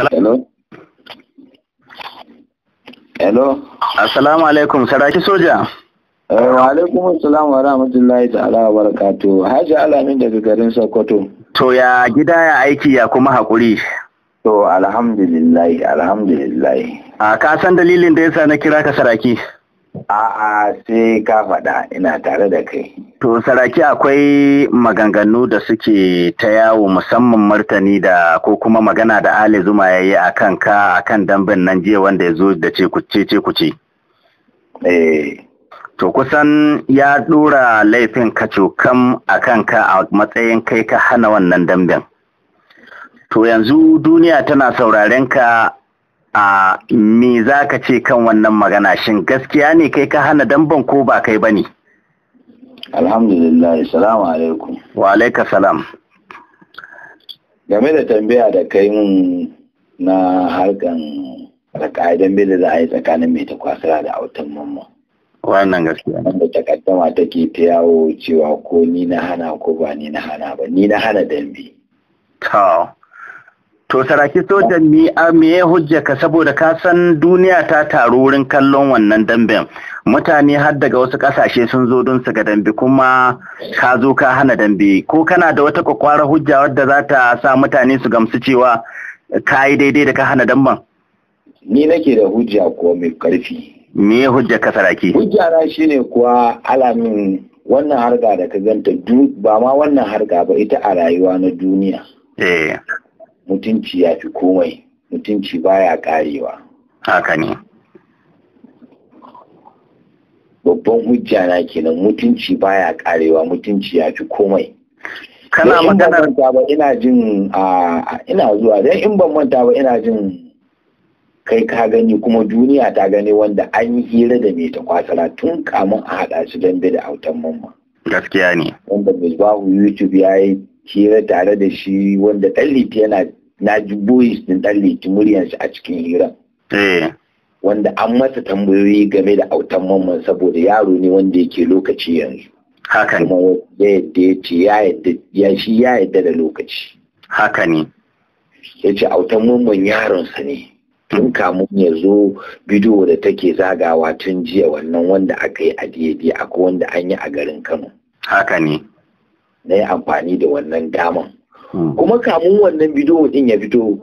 Hello. Hello. Assalamu alaikum, saraki soja. Eh, wa alaikum assalam wa rahmatullahi ta'ala wa barakatuh. Haji Alamin daga garin Sokoto. To ya gida ya aiki ya kuma haƙuri. To alhamdulillah, alhamdulillah. A ka san dalilin da yasa na kira ka saraki. A'a sai ka faɗa ina tare da kai. To saraki akwai maganganu da suke ta yawo musamman martani da ko kuma magana da Ali Zuma ya yi a kan ka a kan dambin nan jiya wanda ya zo da ce kuce ce kuce. Eh. To kusan ya ɗora laifin kacokam a kan ka a matsayin kai ka hana wannan dambin. To yanzu duniya tana sauraren ka a me za ka ce kan wannan magana shin gaskiya ne kai ka hana damban ko ba kai ba ne alhamdulillah salamu alaikum wa alaika salam game da tambaya da kai mun na harkan tsakanin bai da za a yi tsakanin mai takwasara da autan mamma wannan gaskiya wanda takaddama take ta yawo cewa ko ni na hana ko ba ni na hana ba ni na hana dambe ta To saraki sojan mi a meye hujjaka saboda ka san duniya ta taru wurin kallon wannan damben. Mutane har daga wasu kasashe sun zo don su ga dambe kuma ka zo ka hana dambe. Ko kana da wata kwakwara hujja wadda za ta sa mutane su gamsu cewa ka yi daidai da ka hana damben? Ni nake da hujja kuwa mai karfi. Me hujja ka saraki? Hujja na ne kuwa alamin wannan harga da ka ganta ba ma wannan harga ba ita a rayuwa na duniya. Eh. mutunci ya fi komai mutunci baya karewa haka ne babban hujja na kenan mutunci baya karewa mutunci ya fi komai kana maganar ba ina jin ina zuwa dan in ban manta ba ina jin kai ka gani kuma duniya ta gani wanda an yi hira da mai ta kwasara tun kamun a haɗa shi dambe da autan mamma gaskiya ne wanda misbahu youtube ya yi hira tare da shi wanda ɗan yana na ji boys din dan leki muryansa a cikin hira eh. wanda an masa tambayoyi game da autan mamman saboda yaro ne wanda yake lokaci yanzu haka ne ya yadda ya ce ya shi ya yadda da lokaci haka ne ya ce autan mamman yaronsa ne tun kamu ya zo bidiyo da take zagawa tun jiya wannan wanda aka yi a daidai akwai wanda an yi a garin kano haka ne na yi amfani da wannan daman Hmm. kuma kamun wannan bidiyo din ya fito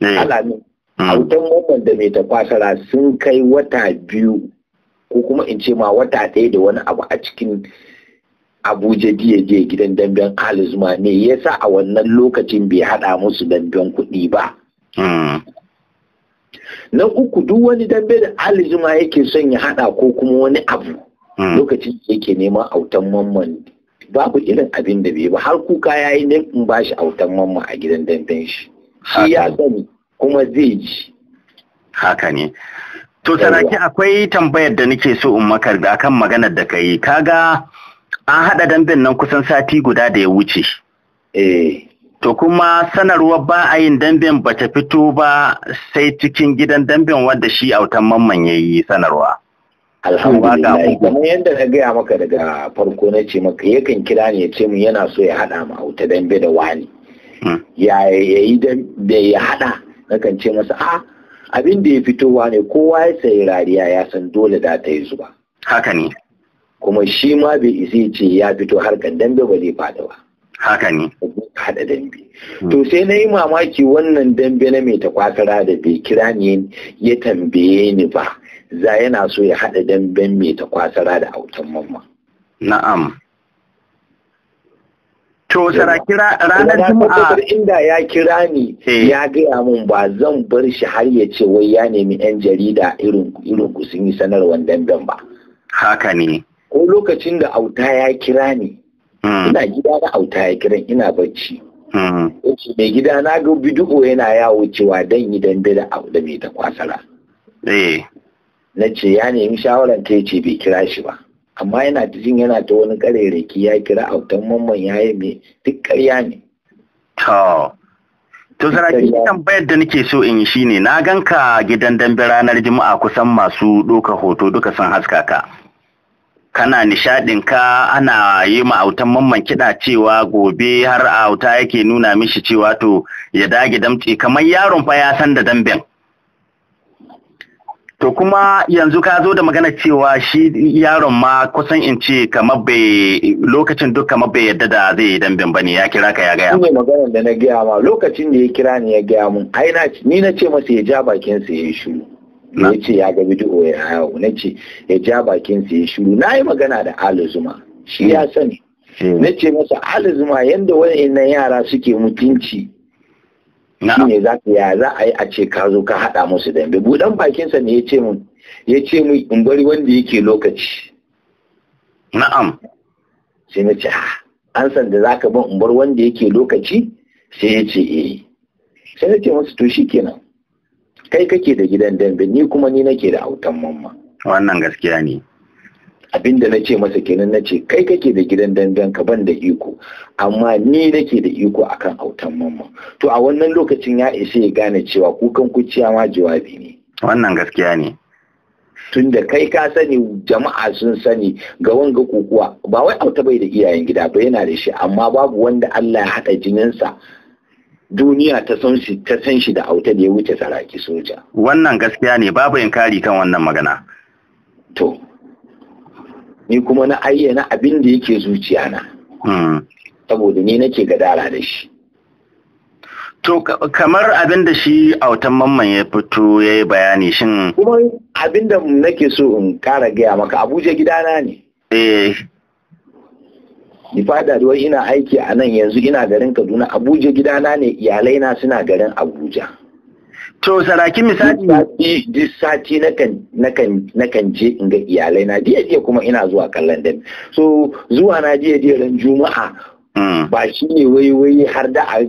eh. alamin hmm. autan mamman da mai tafasara sun kai wata biyu ko kuma in ce ma wata ɗaya da wani abu a cikin abuja diya je gidan damben alizuma ne ya sa a wannan lokacin bai hada musu damben kuɗi ba hmm. na uku duk wani dambe da alizuma yake son ya hada ko kuma wani abu lokacin yake neman autan mamman babu irin abin da bai ba har kuka ya yi nan ba shi autan mamma a gidan dandan shi shi ya gani kuma zai ji haka ne to saraki akwai tambayar da nake so in maka da kan maganar da ka kaga an haɗa damben nan kusan sati guda da ya wuce eh. to kuma sanarwar ba a yin damben ta fito ba sai cikin gidan damben wanda shi autan mamman ya yi sanarwa alhamdulillah kuma yanda na gaya maka daga farko na ce maka yakan kira ne ya ce mun yana so ya haɗa ma wuta dambe da wani hmm. ya yi da ya haɗa nakan ce masa a ah, abin da ya fitowa ne kowa ya sayi rariya ya san dole da ta yi zuba haka ne kuma shi ma bai isi ce ya fito harkar dambe ba zai fada ba haka ne haɗa dambe hmm. to sai na yi mamaki wannan dambe na mai takwasara da bai kira ya tambaye ni ba za yana so ya haɗa damben mai ta kwasara da autan mamma. Na'am. To kira ranar Juma'a. inda ya kira ni eh. ya gaya min ba zan bar shi har ya ce wai ya nemi 'yan jarida irin ku sun yi sanarwar damben ba. Haka ne. Ko lokacin da auta ya kira ni. Hmm. Ina gida da auta ya kiran ina bacci. Hmm. Yace mai gida na ga bidiyo yana yawo cewa dan yi dambe da auda mai ta kwasara. Eh. na ce ya nemi shawaran ta ce bai kira shi ba amma yana jin yana ta wani karereki ya kira autan mamman ya yi mai duk karya ne to to saraki tambayar da nake so in yi shine na gan ka! gidan dambe ranar juma'a kusan masu doka hoto duka sun haska ka kana nishaɗin ka ana yi ma autan mamman kiɗa cewa gobe har auta yake nuna mishi cewa to ya dage damce kamar yaron fa ya san da damben To kuma yanzu ka zo da magana cewa shi yaron ma kusan in ce kamar bai lokacin duk kamar bai yadda da zai yi dambin bane ya kira ka ya gaya. Shi magana maganar da na gaya ma lokacin da ya kira ni ya gaya mun ai na ni na ce masa ya ja bakin sa ya shiru. Ya ce ya ga bidiyo ya hawo na ce ya ja bakin sa ya shiru na yi magana da Ali Zuma shi ya hmm. sani. Hmm. Na ce masa Ali Zuma yanda wa'annan yara suke mutunci ne za ka ya za a yi a ce ka zo ka haɗa musu dambe buɗan bakinsa ne ya ce mu ya ce mu in bari wanda yake lokaci na'am sai na ce ah, an san da zaka ban in bar wanda yake lokaci sai ya ce eh sai na ce musu to shikenan kai kake da gidan dambe ni kuma ni nake da autan mamma wannan gaskiya ne abinda na ce masa kenan na ce kai kake da gidan dangan ka ban da iko amma ni nake da iko akan autan mamma to a wannan lokacin ya ishe ya gane cewa kukan ciya ma jawabi ne wannan gaskiya ne tunda kai ka sani jama'a sun sani ga wanga kukuwa. ba wai auta bai da iyayen gida ba yana da shi amma babu wanda Allah ya haɗa jininsa duniya ta san shi ta san shi da auta da ya wuce saraki soja wannan gaskiya ne babu inkari kan wannan magana to ni kuma na ayyana abin da yake zuciya na hmm. saboda ni nake gadara da shi to kamar abin da shi autan mamman ya fito ya yi bayani shin kuma abin da nake so in kara gaya maka abuja gidana ne eh. ni fada wai ina aiki a nan yanzu ina garin kaduna abuja gidana ne na suna garin abuja To saraki misali mm. duk sati na kan je in ga iyalai na jiya jiya kuma ina zuwa kallon dami. So zuwa na jiya jiya ran Juma'a mm. ba shi ne wai wai har da a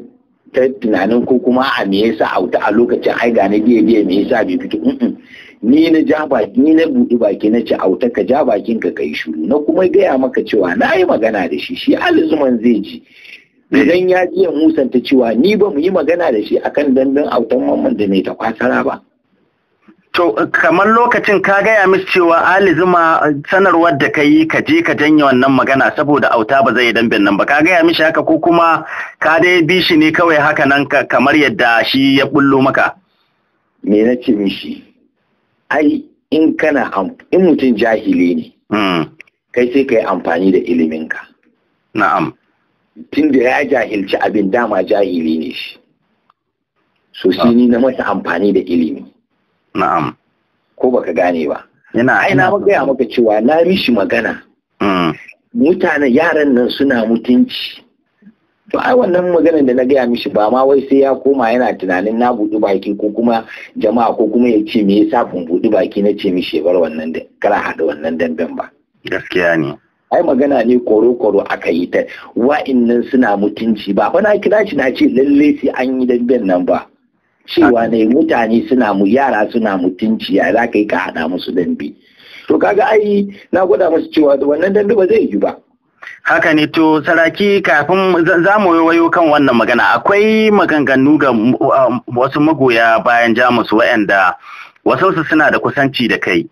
ta tunanin ko kuma a me yasa a wuta a lokacin ai ga na jiya jiya me yasa bai fito ni na ja baki ni na buɗi baki na ce auta ka ja bakin ka kai shuru na kuma gaya maka cewa na yi magana da shi shi alizuman zai ji idan ya iya musanta cewa ni ba mu yi magana da shi akan dandan autan mamman da mai ta ba To kamar lokacin ka gaya mis cewa Ali Zuma eh, sanarwar da ka yi ka je ka janye wannan magana saboda auta ba zai dambin nan ba ka gaya mishi haka ko kuma ka dai bi shi ne kawai haka nan kamar yadda shi ya bullo maka. Me na ce mishi? Ai in kana in mutum jahili ne. Hmm. Kai sai ka yi amfani da iliminka. Na'am. tunda ya jahilci abin dama jahili ne shi so shi ni na masa amfani da ilimi na'am ko baka gane ba ina ai na gaya maka cewa na mishi magana mm. Mutane yaran nan suna mutunci to ai wannan maganar da na gaya mishi ba ma wai sai ya koma yana tunanin na buɗi baki ko kuma jama'a ko kuma ya ce me yasa bun buɗi baki na ce mishi bar wannan da kara haɗa wannan damben ba gaskiya ne ai magana ne koro-koro aka yi ta wa'innan suna mutunci ba fa na kira shi na ce lalle sai an yi damben nan ba cewa ne mutane suna mu yara suna mutunci ya za ka yi ka haɗa musu dambe to kaga ai na gwada musu cewa wannan dambe ba zai yi ba Haka ne to saraki kafin za mu wayo kan wannan magana akwai maganganu ga uh, wasu magoya bayan jamus waɗanda wasu suna da kusanci da kai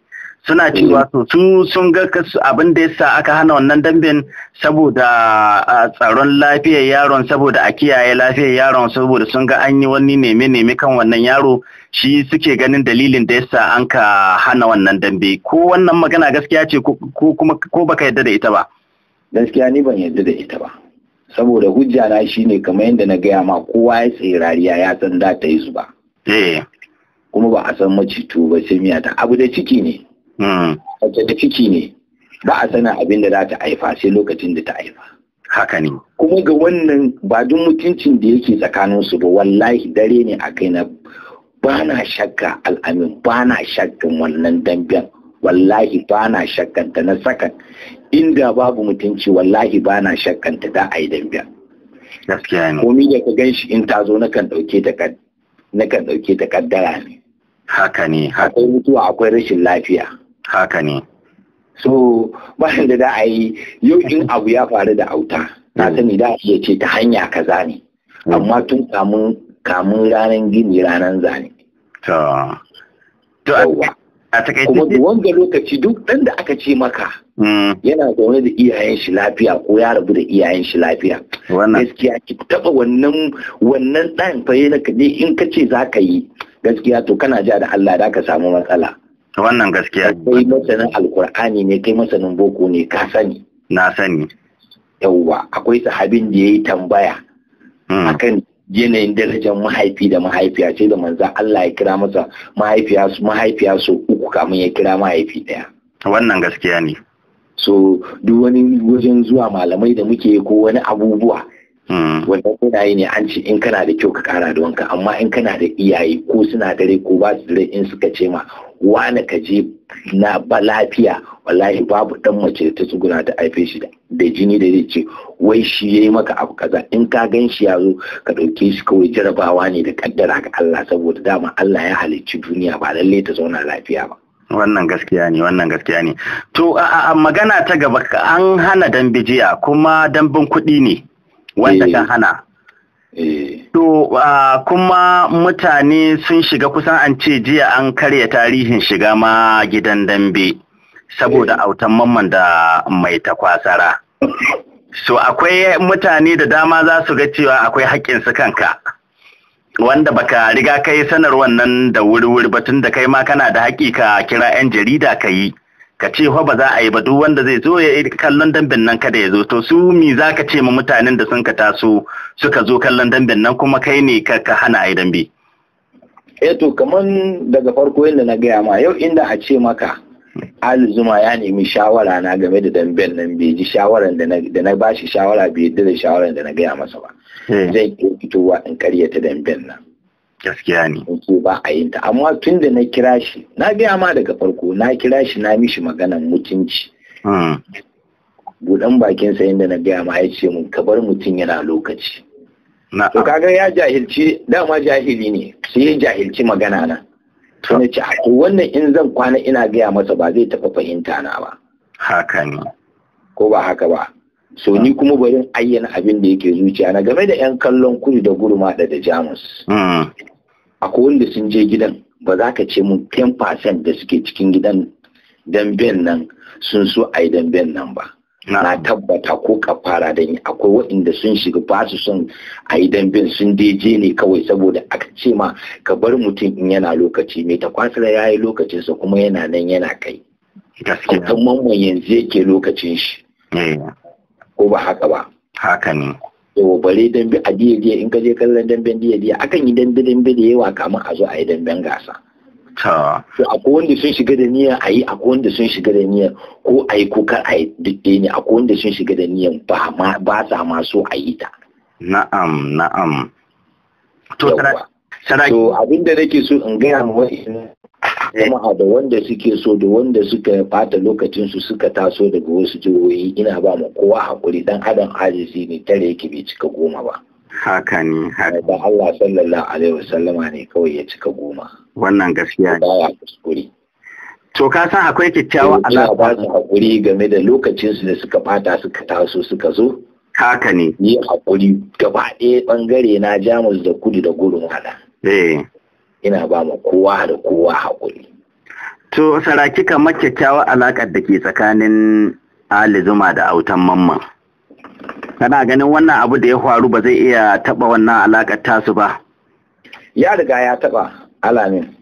suna mm. cewa to su sun ga abin da yasa aka hana wannan dambin saboda tsaron lafiyar yaron saboda a kiyaye lafiyar yaron saboda sun ga an yi wani neme neme kan wannan yaro shi suke ganin dalilin da yasa an ka hana wannan dambe ko wannan magana gaskiya ce ko kuma ko baka yadda da ita ba gaskiya ni ban yadda da ita ba saboda hujja na shine kamar yadda na gaya ma kowa ya tsaye rariya ya san da ta yi zuba eh. kuma ba a san macito ba sai miya ta abu da ciki ne Hmm. Mace da ciki ne ba a sanin abin da za ta haifa sai lokacin da ta haifa. Haka ne. Kuma ga wannan ba duk mutuncin da yake tsakanin su ba wallahi dare ne a kai na ba na shakka al'amin ba na shakkan wannan damben wallahi ba na shakkanta na sakan inda babu mutunci wallahi ba na shakkanta da a yi damben. Gaskiya ne. Komi da ka gan shi in ta zo na kan ɗauke ta kaddara ne. Haka ne. Akwai mutuwa akwai rashin lafiya. haka ne so bayan da za a yi yau in abu ya faru da auta na mm. sani da iya ce ta hanya kaza ne mm. amma tun kamun kamun ranar gini ranar zane kuma wanda lokaci duk ɗan da aka ce maka mm. yana zaune da iyayen shi lafiya ko ya rabu da iyayen shi lafiya gaskiya ki taba wannan wannan ɗan fa na kaje in ka ce za ka yi gaskiya to kana ja da Allah da ka samu matsala wannan gaskiya kai masanin alkur'ani ne kai masanin boko ne ka sani na sani yauwa akwai sahabin da ya yi tambaya hmm. akan yanayin darajar mahaifi da mahaifiya sai da manzan Allah ya kira masa mahaifiya su mahaifiya su uku kamun ya kira mahaifi daya wannan gaskiya ne so duk wani wajen zuwa malamai da muke ko wani abubuwa Hmm. wanda yana yi ne an ce in kana da kyau ka kara da wanka amma in kana da iyaye ko suna dare ko ba su dare in suka ce ma wani ka je na ba lafiya wallahi babu dan mace da ta tsuguna da haife shi da jini da zai ce wai shi ya yi maka abu kaza in ka gan shi ya zo ka dauke shi kawai jarabawa ne da kaddara ga Allah saboda dama Allah ya halicci duniya ba lalle ta zauna lafiya ba wannan gaskiya ne wannan gaskiya ne to a magana ta gaba an hana dambe jiya kuma damben kuɗi ne wanda eh. hana eh. to ah, kuma mutane sun shiga kusan an ce jiya an karya tarihin shiga ma gidan dambe saboda eh. autan mamman da mai takwasara so akwai mutane da dama za su ga cewa akwai haƙƙin haƙƙinsu kanka wanda baka riga kai sanar wannan da wuri-wuri batun da kai ma kana da haƙƙi ka kira 'yan jarida ka yi ka ce fa ba za a yi ba duk wanda zai zo ya kallon damben nan kada ya zo to su mi za ka ce ma mutanen da sun ka taso suka zo kallon damben nan kuma kai ne ka hana a yi dambe. eh to kaman daga farko yadda na gaya ma yau inda a ce maka Ali Zuma ya nemi shawara na game da damben nan bai ji shawaran da na bashi shawara bai yadda da shawaran da na gaya masa ba eh. zai fitowa in karyata damben nan gaskiya ne ko ba a yin ta amma tun da na kira shi na gaya ma daga farko na kira shi na mishi maganan mutunci hmm. budan bakin sa inda na gaya ma ya ce mun ka bar mutum yana lokaci to kaga ya jahilci dama jahili ne sai ya jahilci magana na to na ce to wannan in zan kwana ina gaya masa ba zai tafi fahimta na ba haka ne ko ba haka ba so ni kuma bari ayyana abin da yake zuciya na game da yan kallon kudu da gurma da da jamus hmm. akwai wanda sun je gidan ba za ka ce mun 10% da suke cikin gidan damben nan sun so a yi damben nan ba na tabbata ko kafara da akwai waɗanda sun shiga ba su son a yi damben sun deje ne kawai saboda ka ce ma ka bar mutum in yana lokaci mai ta kwasara ya yi lokacinsa kuma yana nan yana kai kusan mamman yanzu yake lokacin shi hmm. ko ba haka ba haka ne yau bare dambe a diya diya in ka je kallon damben diya diya akan yi dambe dambe da yawa kamar a zo a yi damben gasa ta a akwai wanda sun shiga da niyyar a yi akwai wanda sun shiga da niyyar ko a yi ko kar a yi duk ne akwai wanda sun shiga da niyyar ba ma ba sa ma so a yi ta na'am na'am to to abinda nake so in gaya ma wa'in Eh. kuma da wanda suke so da wanda suka bata lokacinsu suka taso daga wasu jihohi ina ba mu kowa hakuri dan adam ajizi ne tare yake bai cika goma ba haka ne haka Allah sallallahu alaihi wasallama ne kawai ya cika goma wannan gaskiya ne baya kuskure to ka san akwai kyakkyawa eh, alaƙa ba su hakuri game da lokacinsu da suka bata suka taso suka zo haka ne ni hakuri gaba ɗaya bangare na Jamus da kudu da gurun hada eh ina ba mu kowa da kowa haƙuri to saraki kamar kyakkyawar alaƙar da ke tsakanin ali zuma da autan mamman kana ganin wannan abu da ya faru ba zai iya taɓa wannan alaƙar tasu ba ya riga ya taɓa alamin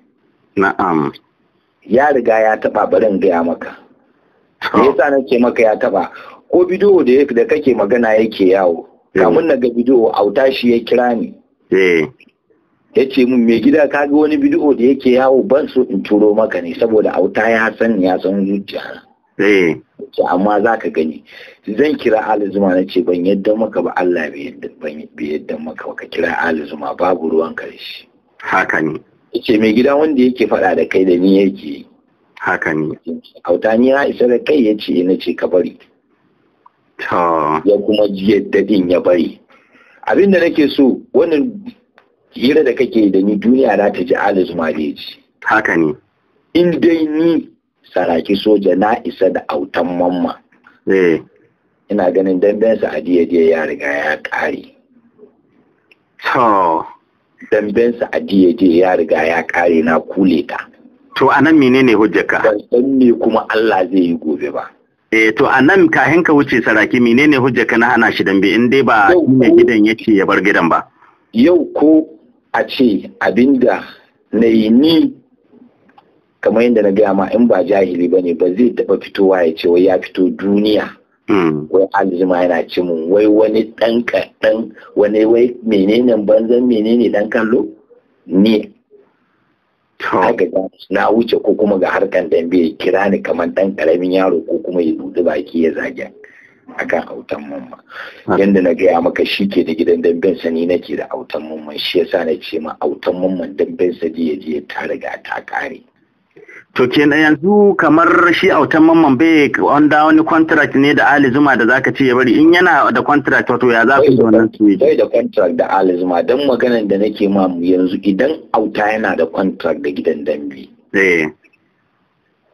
na'am ya riga ya taɓa barin gaya maka da yasa nake maka ya taɓa ko bidiyo da kake magana yake yawo eh. kamun na ga bidiyo auta shi ya kira ni eh. ya ce mun mai gida ka ga wani bidiyo da yake yawo ban so in turo maka ne saboda auta ya san ya san zuciya eh. amma za ka gani zan kira alizuma na ce ban yadda maka ba Allah bai yadda maka ka kira alizuma babu ruwan karshe haka ne ce mai gida wanda yake faɗa da kai da ni yake haka ne auta ni ya isa da kai ya ce na ce ka bari ta" ya kuma yadda din ya bari abinda nake so wannan hira da kake da ni duniya za ta ji alis maleji haka ne in dai ni saraki soja na isa da autan mamma eh. ina ganin dambensa a diya diya ya riga ya kare to dambensa a diya diya ya riga ya kare na kule ta to anan menene hujjaka ban san me kuma Allah zai yi gobe ba eh to anan kahin ka wuce saraki menene hujjaka na hana shi dambe in dai ba ne gidan yake ya bar gidan ba yau ko a ce da na yi ni kamar yadda na gaya ma in ba jahili ba ne ba zai taɓa fitowa ya ce wai ya fito duniya hmm. wai aljima yana ci mun wai wani ɗan kaɗan wani wai menene banzan menene ɗan kallo ni na wuce ko kuma ga harkan dambe ya kira ni kamar ɗan ƙaramin yaro ko kuma ya buɗe baki ya zagen akan autan mamman ah. yadda na gaya maka shi ke da gidan damben sani nake da autan mamman shi yasa na ce ma autan mamman damben sani ya je ta riga ta kare to kenan yanzu kamar shi autan mamman bai wanda wani contract ne da Ali Zuma da zaka ce ya bari in yana da contract wato ya za ku yi wannan su da contract da Ali Zuma dan maganan da nake ma yanzu idan auta yana da contract da gidan dambe eh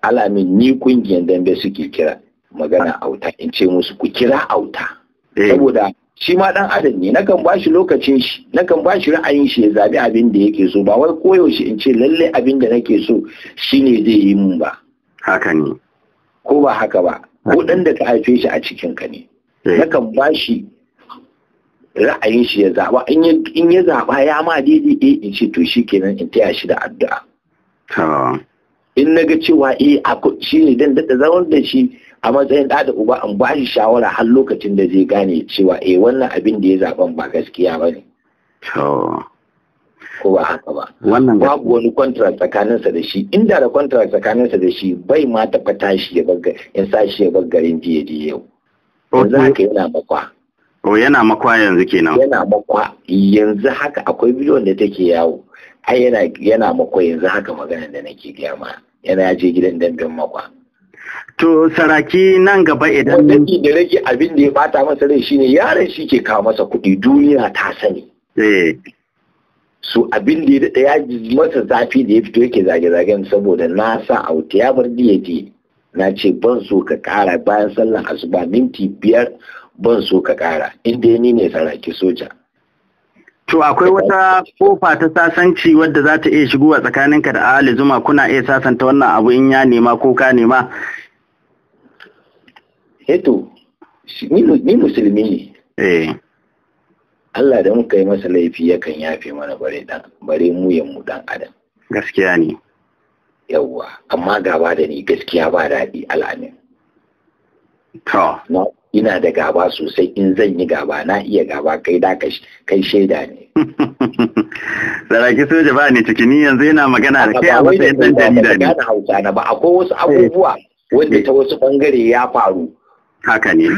alamin ni kungiyar dambe suke kira magana auta in ce musu ku kira auta eh. saboda shi ma dan adam ne nakan ba shi lokacin shi nakan ba shi ra'ayin shi ya zabi abin da yake so ba wai koyaushe in ce lalle abin da nake so shine zai yi mun ba haka ne ko ba haka ba ko dan da ka haife shi a cikin ka ne eh. nakan ba shi ra'ayin shi ya zaba in ya zaba ya ma daidai eh in ce to shikenan in taya shi da addu'a in naga cewa eh shi ne dan da zaman da shi a matsayin ɗa da uba an ba shi shawara har lokacin da zai gane cewa eh wannan abin da ya zaben ba gaskiya ba ne. Ko ba haka ba. Wannan babu wani contract tsakaninsa da shi inda da contract tsakaninsa da shi bai ma taɓa tashi ya bagga in sa shi ya baggarin jiya jiya yau. Yanzu haka yana makwa. O yana makwa yanzu kenan. Yana makwa yanzu haka akwai biliyon da take yawo. Ai yana yana makwa yanzu haka maganar da nake gaya ma yana je gidan dambin makwa. To saraki nan gaba idan. wani da rage abin da ya bata masa rai shine yaran shi ke kawo masa kuɗi duniya ta sani. Eh. Su abin da ya daya ji masa zafi da ya fito yake zage-zagen saboda na sa wuta ya bar da yaje Na ce ban so ka kara bayan sallan asuba minti biyar ban so ka kara inda ni ne saraki soja. To akwai wata kofa ta sasanci wadda za ta iya a tsakaninka da Ali Zuma kuna iya sasanta wannan abu in ya nema ko ka nema? Eto, eh ni musulmi ne. Eh. Allah da muka yi masa laifi yakan yafe mana bare dan bare mu ya mu dan adam. Gaskiya ne. Yawwa, amma gaba da ni gaskiya ba daɗi al'amin. To. Na ina da gaba sosai in zan yi gaba na iya gaba kai da kai shaida ne saraki soja ba ne cikin yanzu yana magana da kai a matsayin dan jarida ne ba hausa na ba akwai wasu abubuwa eh. wanda eh. ta wasu bangare ya faru haka ne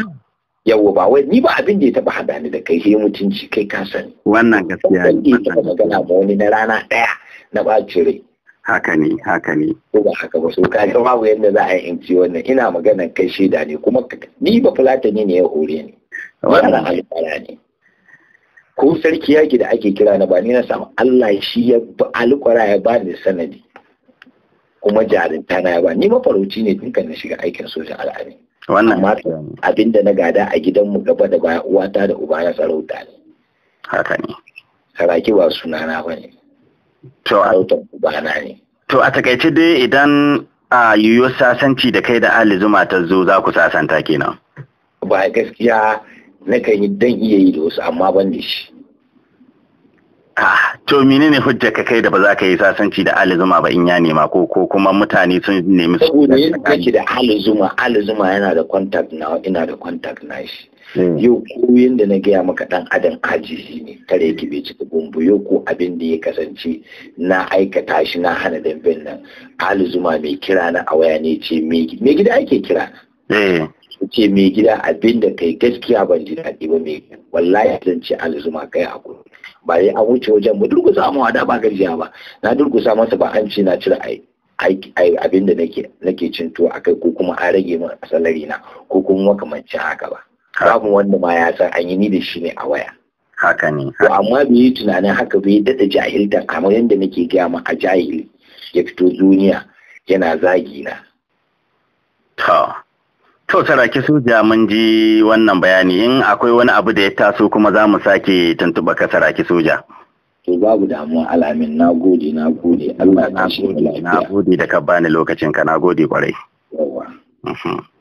yawo ba wai ni ba abin da ya taba hada ni da kai sai mutunci kai ka sani wannan gaskiya ne ban magana ba wani na rana daya na bacin rai haka ne haka ne ko ba haka ba so ka ga babu yadda za a yi inci wannan ina maganar kai shida ne kuma ni ba fulatani ne ya hore ni wannan alƙara ne ko sarki yaki da ake kira na ba ni na samu Allah shi ya alƙara ya ba ni sanadi kuma jarinta na ya ba ni mafarauci ne tun kan na shiga aikin sojan al'ani wannan abinda na gada a gidanmu gaba da baya uwata da uba na sarauta ne haka ne saraki ba sunana ba ne to a bana ne to a takaice dai idan a yiwuwar sasanci da kai da Ali Zuma ta zo za ku sasanta kenan ba gaskiya na kan yi dan iya yi da wasu amma ban da shi ah to ne hujja ka kai da ba za ka yi sasanci da Ali Zuma ba in ya nema ko ko kuma mutane sun nemi su saboda yin kake da Ali Zuma Ali Zuma yana da contact na ina da contact na shi Mm. yau koyin da na gaya maka dan adam ajiji ne kare ki bai ci gumbu yau ko abin da ya kasance na aikata shi na hana dambin nan alzuma mai kira na a waya ne ce me gida ake kira mm. ce mai gida abin da kai gaskiya ban ji daɗi ba mai wallahi zan ce alzuma kai a kudu ba yi an wuce wajen ba durgusa mu da ba gajiya ba na durgusa masa ba an ce na cire ai abin da nake cin a akai ko kuma an rage min salari na ko kuma makamancin haka ba babu wanda ma ya san an yi ni da shi ne a waya haka ne to amma bai yi tunanin haka bai daɗa jahilta kamar yadda nake gaya ma a jahili ya fito duniya yana zagi na to to sarake soja mun ji wannan bayani in akwai wani abu da ya taso kuma za mu sake tuntuɓa ka sarake soja to babu damuwa alamin na gode na gode Allah ya kashe na gode da ka bani lokacin ka na gode kwarai yawa mhm.